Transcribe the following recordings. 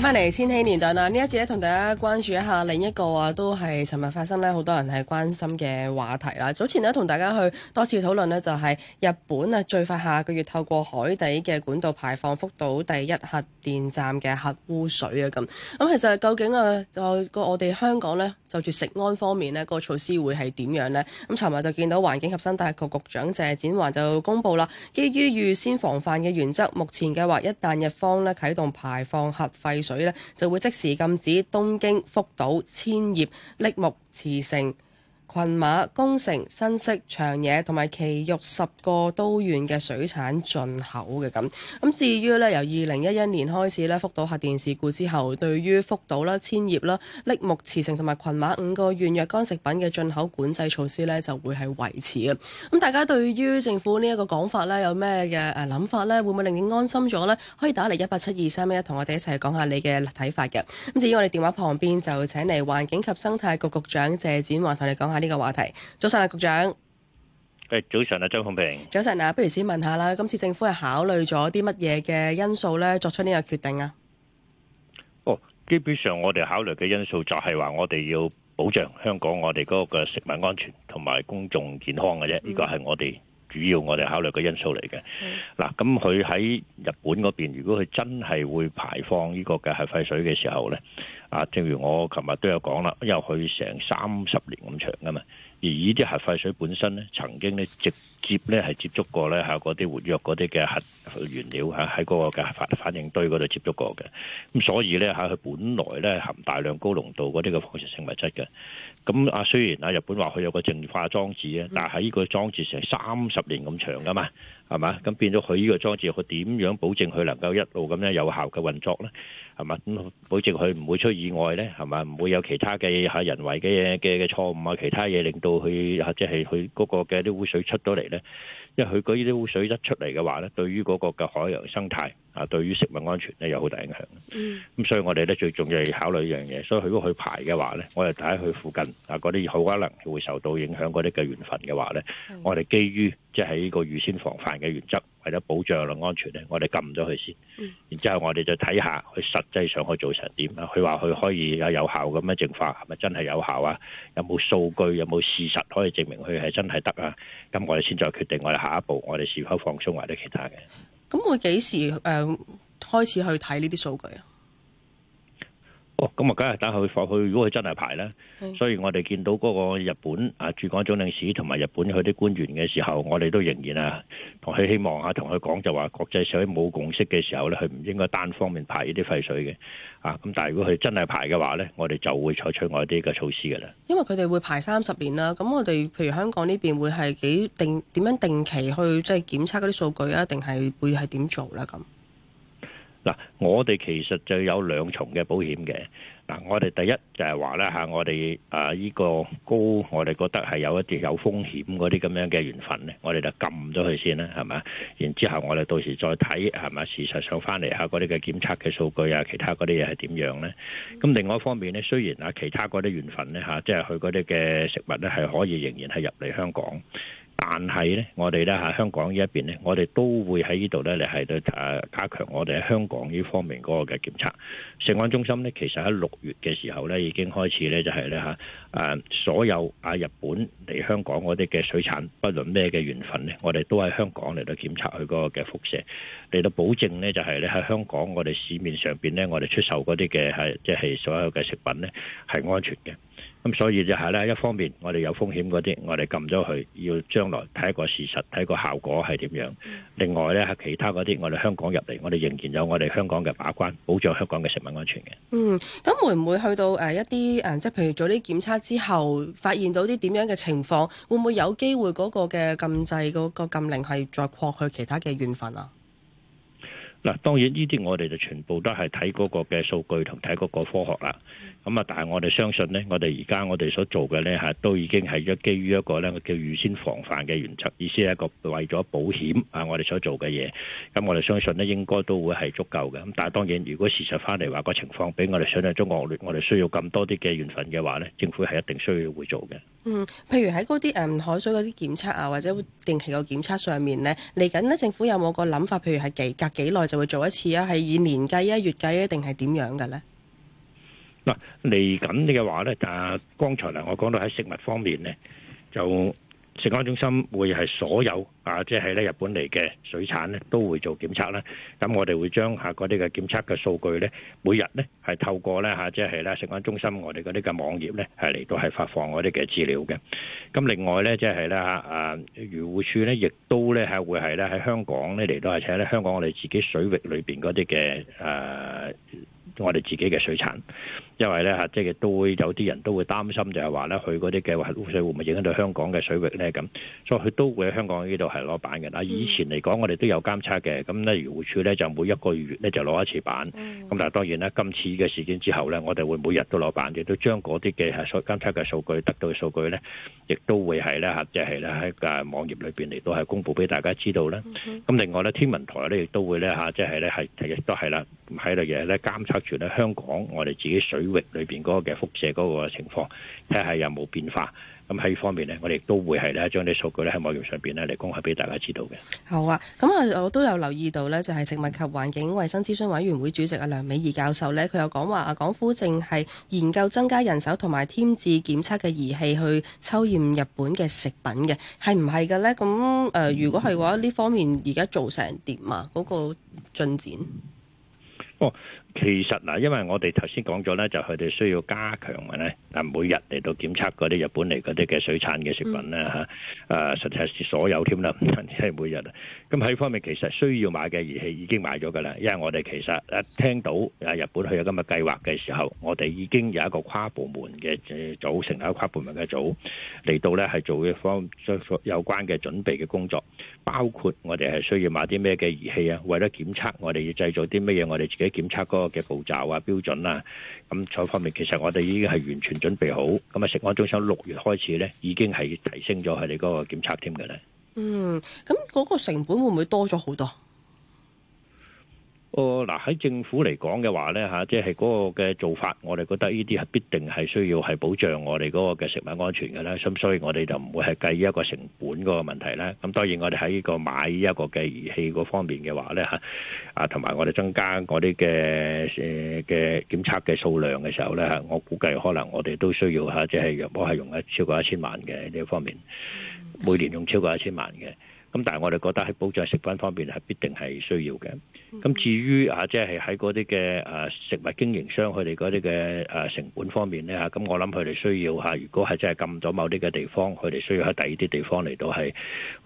翻嚟千禧年代啦，呢一次咧同大家關注一下另一個啊，都係尋日發生咧，好多人係關心嘅話題啦。早前咧同大家去多次討論呢，就係日本啊最快下個月透過海底嘅管道排放福島第一核電站嘅核污水啊咁。咁、嗯、其實究竟啊個、啊啊啊啊啊、我哋香港呢就住食安方面呢、呢個措施會係點樣呢？咁尋日就見到環境及生態局局長謝展寰就公布啦，基於預先防範嘅原則，目前計劃一旦日方呢啟動排放核廢水咧，就會即時禁止，東京、福島、千葉、栃木、茨城、群馬、宮城、新瀉、長野同埋埼玉十個都縣嘅水產進口嘅咁。咁至於咧，由二零一一年開始咧，福島核電事故之後，對於福島啦、千葉啦、櫪木、茨城同埋群馬五個縣若干食品嘅進口管制措施咧，就會係維持嘅。咁大家對於政府呢一個講法咧，有咩嘅誒諗法咧？會唔會令你安心咗咧？可以打嚟一八七二三一，同我哋一齊講下你嘅睇法嘅。咁至於我哋電話旁邊就請嚟環境及生態局局長謝展寰同你講下。呢個話題，早晨啊，局長。誒，早晨啊，張鳳平。早晨啊，不如先問下啦，今次政府係考慮咗啲乜嘢嘅因素咧，作出呢個決定啊？哦，基本上我哋考慮嘅因素就係話，我哋要保障香港我哋嗰個嘅食物安全同埋公眾健康嘅啫，呢個係我哋。主要我哋考慮嘅因素嚟嘅，嗱、嗯，咁佢喺日本嗰邊，如果佢真係會排放呢個嘅核廢水嘅時候呢，啊，正如我琴日都有講啦，因為佢成三十年咁長噶嘛。而呢啲核廢水本身咧，曾經咧直接咧係接觸過咧嚇嗰啲活躍嗰啲嘅核原料嚇，喺嗰個嘅核反應堆嗰度接觸過嘅。咁所以咧嚇佢本來咧含大量高濃度嗰啲嘅放射性物質嘅。咁啊雖然啊日本話佢有個淨化裝置啊，但係喺呢個裝置成三十年咁長噶嘛，係嘛？咁變咗佢呢個裝置佢點樣保證佢能夠一路咁咧有效嘅運作咧？係嘛？咁保證佢唔會出意外咧？係嘛？唔會有其他嘅嚇人為嘅嘢嘅嘅錯誤啊，其他嘢令到。去，或者係去嗰個嘅啲污水出咗嚟咧。因為佢嗰啲污水一出嚟嘅話咧，對於嗰個嘅海洋生態啊，對於食物安全咧有好大影響。咁、mm. 嗯、所以我哋咧最重要要考慮一樣嘢。所以如果去排嘅話咧，我哋睇下佢附近啊嗰啲好可能會受到影響嗰啲嘅縣份嘅話咧，mm. 就是我哋基於即係喺呢個預先防範嘅原則，為咗保障啦安全咧，我哋禁咗佢先。然之後我哋就睇下佢實際上可以做成點啊。佢話佢可以啊有效咁樣淨化，係咪真係有效啊？有冇數據？有冇事實可以證明佢係真係得啊？咁我哋先再決定我哋。下一步我哋是否放鬆或者其他嘅？咁會幾時誒、呃、開始去睇呢啲數據啊？咁啊，梗係等佢放去，如果佢真係排啦，是所以我哋見到嗰個日本啊駐港總領事同埋日本佢啲官員嘅時候，我哋都仍然啊同佢希望啊同佢講就話國際社會冇共識嘅時候咧，佢唔應該單方面排呢啲廢水嘅啊。咁但係如果佢真係排嘅話咧，我哋就會採取我哋呢個措施㗎喇。因為佢哋會排三十年啦，咁我哋譬如香港呢邊會係幾定點樣定期去即係檢測嗰啲數據啊，定係會係點做咧咁？嗱，我哋其實就有兩重嘅保險嘅。嗱，我哋第一就係話咧嚇，我哋啊呢個高，我哋覺得係有一啲有風險嗰啲咁樣嘅縣份咧，我哋就撳咗佢先啦，係咪？然之後我哋到時再睇係咪？事實上翻嚟下嗰啲嘅檢測嘅數據啊，其他嗰啲嘢係點樣咧？咁另外一方面咧，雖然啊其他嗰啲縣份咧嚇、啊，即係佢嗰啲嘅食物咧係可以仍然係入嚟香港。但係咧，我哋咧喺香港呢一邊咧，我哋都會喺呢度咧，就係咧誒加強我哋喺香港呢方面嗰個嘅檢測。食安中心咧，其實喺六月嘅時候咧，已經開始咧就係咧嚇誒所有啊日本嚟香港嗰啲嘅水產，不論咩嘅縣份咧，我哋都喺香港嚟到檢測佢嗰個嘅輻射，嚟到保證咧就係咧喺香港我哋市面上邊咧，我哋出售嗰啲嘅係即係所有嘅食品咧係安全嘅。咁所以就係咧，一方面我哋有風險嗰啲，我哋禁咗佢，要將來睇一個事實，睇個效果係點樣。另外咧，其他嗰啲我哋香港入嚟，我哋仍然有我哋香港嘅把關，保障香港嘅食物安全嘅。嗯，咁會唔會去到誒一啲誒，即係譬如做啲檢測之後，發現到啲點樣嘅情況，會唔會有機會嗰個嘅禁制個、嗰個禁令係再擴去其他嘅縣份啊？嗱，當然呢啲我哋就全部都係睇嗰個嘅數據同睇嗰個科學啦。咁啊，但係我哋相信呢，我哋而家我哋所做嘅呢，嚇，都已經係一基於一個呢叫預先防範嘅原則，意思係一個為咗保險啊，我哋所做嘅嘢。咁我哋相信呢，應該都會係足夠嘅。咁但係當然，如果事實翻嚟話個情況比我哋想象中惡劣，我哋需要咁多啲嘅預防嘅話呢，政府係一定需要會做嘅。嗯，譬如喺嗰啲誒海水嗰啲檢測啊，或者定期個檢測上面呢，嚟緊呢，政府有冇個諗法？譬如係幾隔幾耐？就會做一次啊？係以年計啊、月計啊，定係點樣嘅咧？嗱，嚟緊嘅話咧，就剛才啦，我講到喺食物方面咧，就，食安中心會係所有啊，即係咧日本嚟嘅水產咧，都會做檢測啦。咁我哋會將下嗰啲嘅檢測嘅數據咧，每日咧係透過咧嚇，即係咧食安中心我哋嗰啲嘅網頁咧，係嚟到係發放嗰啲嘅資料嘅。咁另外咧，即係咧嚇啊漁護署咧，亦都咧係會係咧喺香港咧嚟到，而且咧香港我哋自己水域裏邊嗰啲嘅誒。我哋自己嘅水產，因為咧嚇，即係都會有啲人都會擔心就，就係話咧，佢嗰啲嘅污水會唔會影響到香港嘅水域咧？咁，所以佢都會喺香港呢度係攞板嘅。啊，以前嚟講，我哋都有監測嘅，咁咧漁護署咧就每一個月咧就攞一次板。咁但係當然啦，今次嘅事件之後咧，我哋會每日都攞板，亦都將嗰啲嘅係監測嘅數據得到嘅數據咧，亦都會係咧嚇，即係咧喺個網頁裏邊嚟到係公佈俾大家知道啦。咁另外咧天文台咧亦都會咧嚇，即係咧係亦都係啦。喺度嘅，咧，監測住咧香港我哋自己水域裏邊嗰個嘅輻射嗰個情況，睇下有冇變化。咁喺呢方面呢，我哋都會係咧將啲數據咧喺網頁上邊咧嚟公開俾大家知道嘅。好啊，咁啊，我都有留意到呢，就係食物及環境衞生諮詢委員會主席阿梁美儀教授呢，佢有講話啊，港府淨係研究增加人手同埋添置檢測嘅儀器去抽驗日本嘅食品嘅，係唔係嘅呢？咁誒，如果係嘅話，呢方面而家做成點啊？嗰、嗰個進展？哦、其實嗱，因為我哋頭先講咗咧，就佢哋需要加強嘅咧，啊每日嚟到檢測嗰啲日本嚟嗰啲嘅水產嘅食品咧嚇，誒、啊、實在係所有添啦，係每日。咁喺方面其實需要買嘅儀器已經買咗噶啦，因為我哋其實一聽到啊日本去有咁嘅計劃嘅時候，我哋已經有一個跨部門嘅誒組成，有一個跨部門嘅組嚟到咧，係做一方將有關嘅準備嘅工作。包括我哋係需要買啲咩嘅儀器啊，為咗檢測我哋要製造啲乜嘢，我哋自己檢測嗰個嘅步驟啊、標準啦、啊，咁呢方面其實我哋已經係完全準備好。咁啊，食安中心六月開始咧，已經係提升咗佢哋嗰個檢測添㗎喇。嗯，咁嗰個成本會唔會多咗好多？個嗱喺政府嚟講嘅話咧嚇、啊，即係嗰個嘅做法，我哋覺得呢啲係必定係需要係保障我哋嗰個嘅食品安全嘅啦。咁所以我哋就唔會係計呢一個成本嗰個問題咧。咁、啊、當然我哋喺呢個買呢一個嘅儀器嗰方面嘅話咧嚇，啊同埋我哋增加嗰啲嘅誒嘅檢測嘅數量嘅時候咧嚇、啊，我估計可能我哋都需要嚇、啊，即係若果係用一超過一千萬嘅呢方面，每年用超過一千萬嘅。咁但係我哋覺得喺保障食品方面係必定係需要嘅。咁至於啊，即係喺嗰啲嘅誒食物經營商佢哋嗰啲嘅誒成本方面咧嚇，咁我諗佢哋需要嚇，如果係真係禁咗某啲嘅地方，佢哋需要喺第二啲地方嚟到係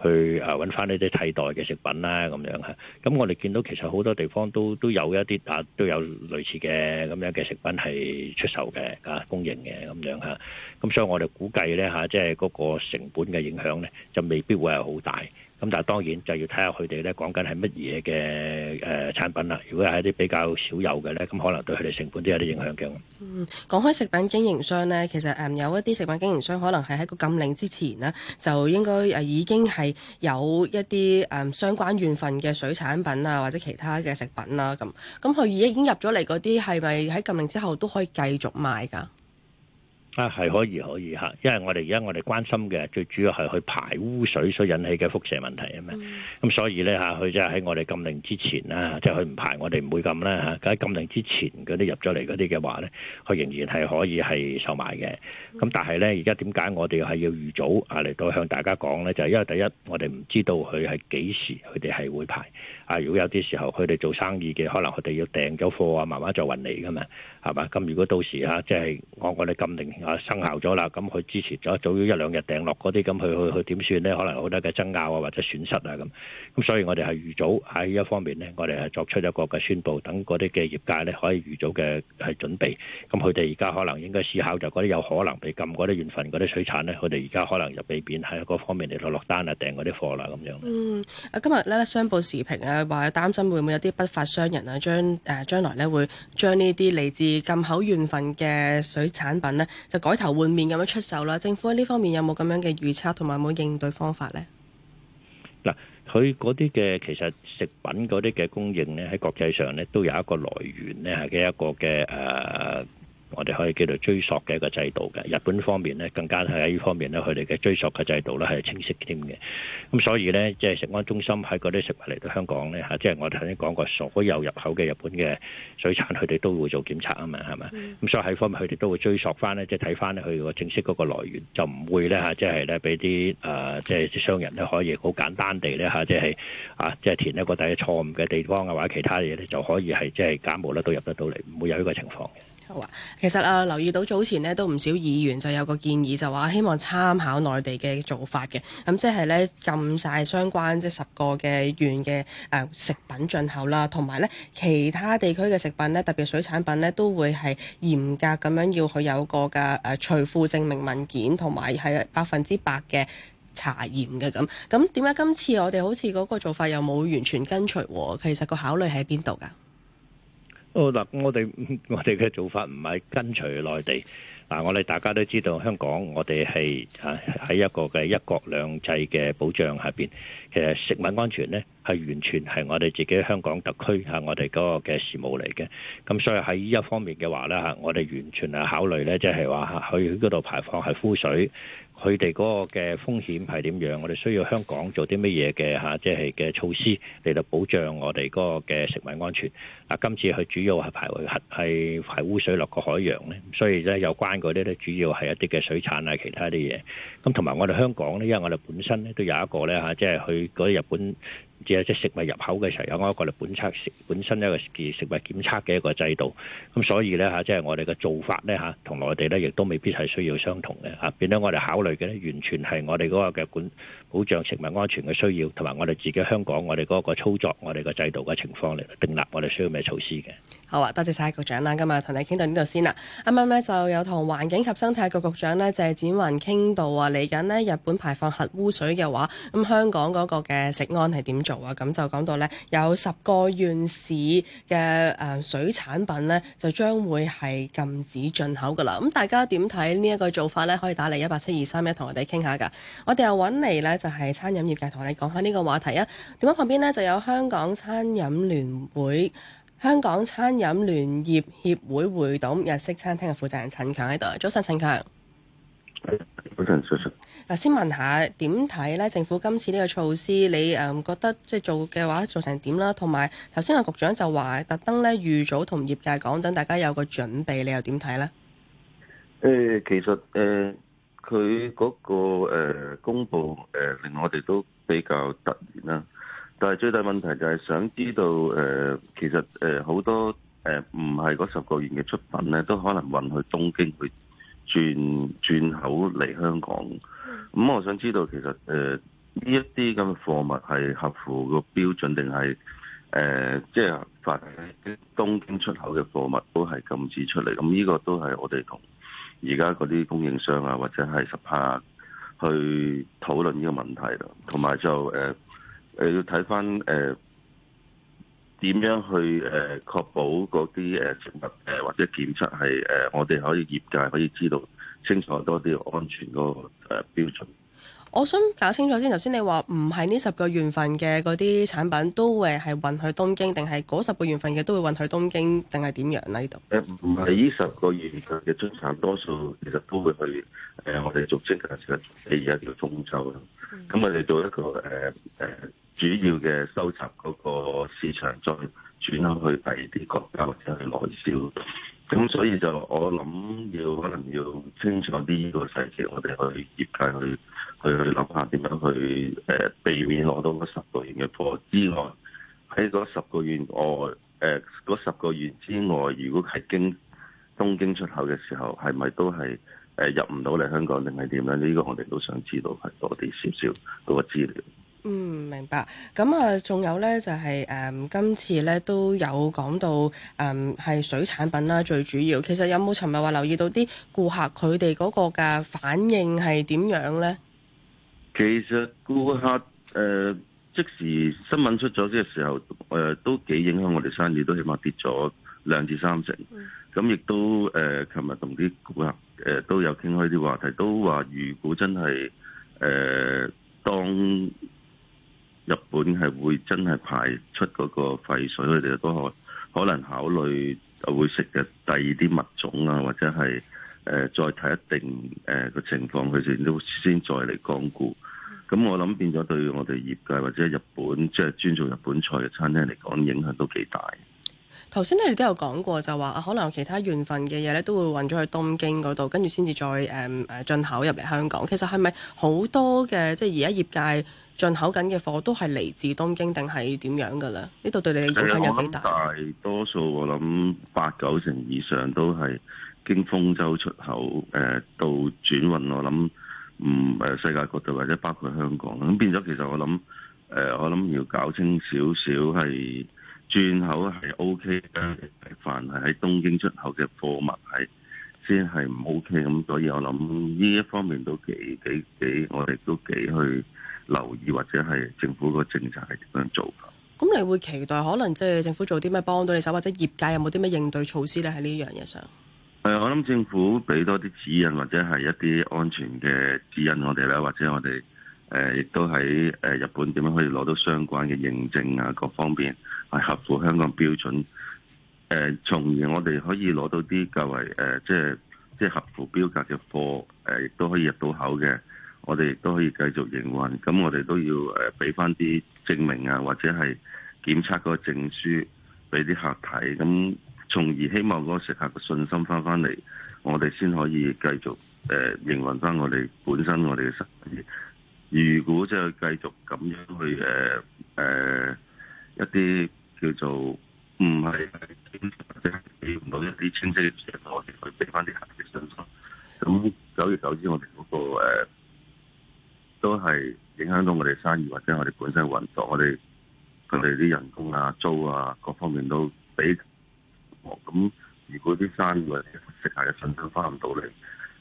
去誒揾翻呢啲替代嘅食品啦咁樣嚇。咁我哋見到其實好多地方都都有一啲啊都有類似嘅咁樣嘅食品係出售嘅啊供應嘅咁樣嚇。咁所以我哋估計咧嚇，即係嗰個成本嘅影響咧就未必會係好大。咁但係當然就要睇下佢哋咧，講緊係乜嘢嘅誒產品啦。如果係一啲比較少有嘅咧，咁可能對佢哋成本都有啲影響嘅。嗯，講開食品經營商咧，其實誒有一啲食品經營商可能係喺個禁令之前咧就應該誒已經係有一啲誒相關縣份嘅水產品啊或者其他嘅食品啦，啊。咁咁佢已已經入咗嚟嗰啲，係咪喺禁令之後都可以繼續賣噶？啊，係可以可以嚇，因為我哋而家我哋關心嘅最主要係去排污水所引起嘅輻射問題啊嘛。咁、嗯嗯、所以咧嚇，佢即係喺我哋禁令之前啦，即係佢唔排，我哋唔會禁啦嚇。喺、啊、禁令之前嗰啲入咗嚟嗰啲嘅話咧，佢仍然係可以係售賣嘅。咁、嗯嗯、但係咧，而家點解我哋係要預早啊嚟到向大家講咧？就係、是、因為第一，我哋唔知道佢係幾時佢哋係會排。啊！如果有啲時候佢哋做生意嘅，可能佢哋要訂咗貨啊，慢慢再運嚟㗎嘛，係嘛？咁如果到時啊，即係我我哋禁令啊生效咗啦，咁佢支持咗早咗一兩日訂落嗰啲，咁佢去去點算咧？可能好多嘅爭拗啊，或者損失啊咁。咁所以我哋係預早喺一方面咧，我哋係作出一個嘅宣佈，等嗰啲嘅業界咧可以預早嘅係準備。咁佢哋而家可能應該思考就嗰啲有可能被禁嗰啲縣份嗰啲水產咧，佢哋而家可能就避免喺嗰方面嚟到落單啊、訂嗰啲貨啦咁樣。嗯，啊今日咧商報視頻啊。佢話擔心會唔會有啲不法商人啊，將誒將來咧會將呢啲嚟自禁口縣份嘅水產品咧，就改頭換面咁樣出售啦。政府喺呢方面有冇咁樣嘅預測，同埋有冇應對方法咧？嗱，佢嗰啲嘅其實食品嗰啲嘅供應咧，喺國際上咧，都有一個來源咧係嘅一個嘅誒。呃我哋可以叫做追索嘅一個制度嘅，日本方面咧更加係喺呢方面咧，佢哋嘅追索嘅制度咧係清晰添嘅。咁所以咧，即係食安中心喺嗰啲食物嚟到香港咧，嚇，即係我頭先講過，所有入口嘅日本嘅水產，佢哋都會做檢測啊嘛，係咪？咁所以喺方面佢哋都會追索翻咧，即係睇翻佢個正式嗰個來源，就唔會咧嚇，即係咧俾啲誒，即係商人咧可以好簡單地咧嚇，即係啊，即係填一個第一錯誤嘅地方啊，或者其他嘢咧就可以係即係假冒咧都入得到嚟，唔會有呢個情況。啊、其實啊，留意到早前咧都唔少議員就有個建議就，就話希望參考內地嘅做法嘅，咁、嗯、即係咧禁晒相關即係十個嘅縣嘅誒食品進口啦，同埋咧其他地區嘅食品咧，特別水產品咧，都會係嚴格咁樣要佢有個嘅誒隨附證明文件，同埋係百分之百嘅查驗嘅咁。咁點解今次我哋好似嗰個做法又冇完全跟隨？其實個考慮喺邊度㗎？我哋我哋嘅做法唔係跟隨內地，嗱，我哋大家都知道香港，我哋係啊喺一個嘅一國兩制嘅保障下邊，其實食品安全呢，係完全係我哋自己香港特區嚇我哋嗰個嘅事務嚟嘅，咁所以喺呢一方面嘅話呢，嚇，我哋完全係考慮呢，即係話嚇去嗰度排放係污水。佢哋嗰個嘅風險係點樣？我哋需要香港做啲乜嘢嘅，嚇，即係嘅措施嚟到保障我哋嗰個嘅食物安全。嗱、啊，今次佢主要係排廢核係排污水落個海洋咧，所以咧有關嗰啲咧，主要係一啲嘅水產啊，其他啲嘢。咁同埋我哋香港咧，因為我哋本身咧都有一個咧嚇，即、啊、係、就是、去嗰啲日本。只知啊，即係食物入口嘅時候有安一個本檢本身一個食物檢測嘅一個制度，咁所以呢，嚇，即係我哋嘅做法呢，嚇，同內地呢亦都未必係需要相同嘅嚇，變咗我哋考慮嘅呢，完全係我哋嗰個嘅管保障食物安全嘅需要，同埋我哋自己香港我哋嗰個操作我哋個制度嘅情況嚟定立我哋需要咩措施嘅。好啊，多謝晒，局長啦，今日同你傾到呢度先啦。啱啱呢，就有同環境及生態局局長咧謝展寰傾到啊，嚟緊呢，日本排放核污水嘅話，咁香港嗰個嘅食安係點？做啊，咁就講到呢，有十個縣市嘅誒水產品呢，就將會係禁止進口噶啦。咁、嗯、大家點睇呢一個做法呢，可以打嚟一八七二三一，同我哋傾下噶。我哋又揾嚟呢，就係、係、餐飲業界同我哋講下呢個話題啊。電話旁邊呢，就有香港餐飲聯會、香港餐飲聯業協會會董、日式餐廳嘅負責人陳強喺度。早晨，陳強。嗱，先問下點睇咧？政府今次呢個措施，你誒覺得即係做嘅話做成點啦？同埋頭先阿局長就話特登咧預早同業界講，等大家有個準備，你又點睇咧？誒，其實誒，佢嗰個誒公布誒，令我哋都比較突然啦。但係最大問題就係想知道誒，其實誒好多誒唔係嗰十個都縣嘅出品咧，都可能運去東京去。轉轉口嚟香港，咁我想知道其實誒呢一啲咁嘅貨物係合乎個標準定係誒即係發喺東京出口嘅貨物都係禁止出嚟？咁呢個都係我哋同而家嗰啲供應商啊或者係 support、啊、去討論呢個問題咯，同埋就誒誒、呃、要睇翻誒。呃點樣去誒確保嗰啲誒食物誒或者檢測係誒我哋可以業界可以知道清楚多啲安全個誒標準？我想搞清楚先，頭先你話唔係呢十個月份嘅嗰啲產品都會係運去東京，定係嗰十個月份嘅都會運去東京，定係點樣呢？呢度誒唔係呢十個月份嘅生產多數其實都會去誒我哋組織嘅時候第二叫中秋啦。咁我哋做一個誒誒。呃呃主要嘅收集嗰個市場再轉向去第二啲國家或者去內銷，咁所以就我諗要可能要清楚啲呢個細節，我哋去業界去去去諗下點樣去誒避免攞到嗰十個月嘅貨之外，喺嗰十個月外誒嗰十個月之外，如果係經東京出口嘅時候，係咪都係誒入唔到嚟香港定係點樣呢？呢、呢個我哋都想知道，係多啲少少嗰個資料。嗯，明白。咁、嗯、啊，仲有呢，就係、是、誒、嗯、今次呢都有講到誒係、嗯、水產品啦，最主要。其實有冇尋日話留意到啲顧客佢哋嗰個嘅反應係點樣呢？其實顧客誒、呃、即時新聞出咗嘅時候誒、呃、都幾影響我哋生意，都起碼跌咗兩至三成。咁亦、嗯、都誒琴日同啲顧客誒、呃、都有傾開啲話題，都話如果真係誒、呃、當。日本係會真係排出嗰個廢水，佢哋都可可能考慮就會食嘅第二啲物種啊，或者係誒再睇一定誒個情況，佢哋都先再嚟光顧。咁我諗變咗對我哋業界或者日本即係、就是、專做日本菜嘅餐廳嚟講，影響都幾大。頭先你哋都有講過，就話啊，可能其他縣份嘅嘢咧都會運咗去東京嗰度，跟住先至再誒誒進口入嚟香港。其實係咪好多嘅即係而家業界？進口緊嘅貨都係嚟自東京定係點樣噶咧？呢度對你嘅影響有幾大？係啊，我諗大多數我諗八九成以上都係經豐洲出口誒、呃、到轉運，我諗唔誒世界各地或者包括香港咁變咗。其實我諗誒、呃、我諗要搞清少少係轉口係 O K 嘅，凡係喺東京出口嘅貨物係。先係唔 OK 咁，所以我諗呢一方面都幾幾幾，我哋都幾去留意或者係政府個政策係點樣做。咁你會期待可能即係政府做啲咩幫到你手，或者業界有冇啲咩應對措施咧？喺呢樣嘢上，係、呃、我諗政府俾多啲指引或者係一啲安全嘅指引我哋啦，或者我哋誒亦都喺誒日本點樣可以攞到相關嘅認證啊，各方面係合乎香港標準。誒，從而我哋可以攞到啲較為誒、呃，即係即係合乎標格嘅貨，誒亦都可以入到口嘅。我哋亦都可以繼續營運，咁我哋都要誒俾翻啲證明啊，或者係檢測嗰個證書俾啲客睇，咁從而希望嗰個食客嘅信心翻翻嚟，我哋先可以繼續誒、呃、營運翻我哋本身我哋嘅生意。如果即係繼續咁樣去誒誒、呃呃、一啲叫做。唔係，或者俾唔到一啲清晰嘅信息，我哋去俾翻啲客嘅信心。咁久而久之我、嗰個，我哋嗰個都係影響到我哋生意或者我哋本身運作我。我哋佢哋啲人工啊、租啊各方面都俾咁、哦、如果啲生意或者食下嘅食客嘅信心翻唔到嚟，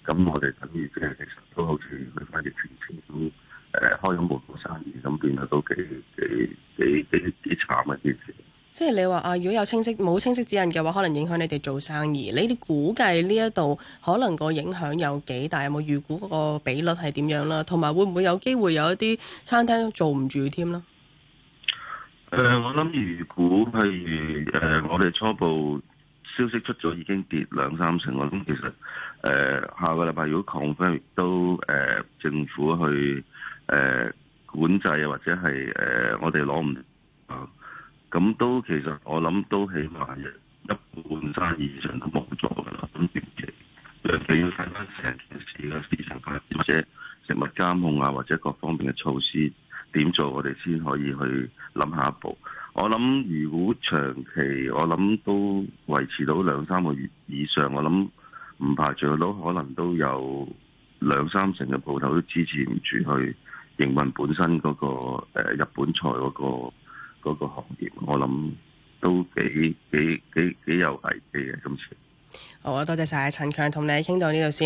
咁我哋等於即係其實都好似去翻啲存錢咁誒，開咗門做生意咁，變咗都幾幾幾幾幾慘嘅件事。即係你話啊，如果有清晰冇清晰指引嘅話，可能影響你哋做生意。你哋估計呢一度可能個影響有幾大？有冇預估嗰個比率係點樣啦？同埋會唔會有機會有一啲餐廳做唔住添啦？誒、呃，我諗預估係誒，我哋初步消息出咗已經跌兩三成。我諗其實誒、呃、下個禮拜如果 confirm 都誒、呃、政府去誒、呃、管制啊，或者係誒、呃、我哋攞唔啊？咁都其實我諗都起碼一半生意以上都冇咗㗎啦。咁短期你要睇翻成件事嘅市場發展，或者食物監控啊，或者各方面嘅措施點做，我哋先可以去諗下一步。我諗如果長期，我諗都維持到兩三個月以上，我諗唔排除到可能都有兩三成嘅鋪頭都支持唔住去營運本身嗰個日本菜嗰個。嗰個行業，我諗都幾幾幾幾有危機嘅今次。好啊，多謝晒陳強，同你傾到呢度先。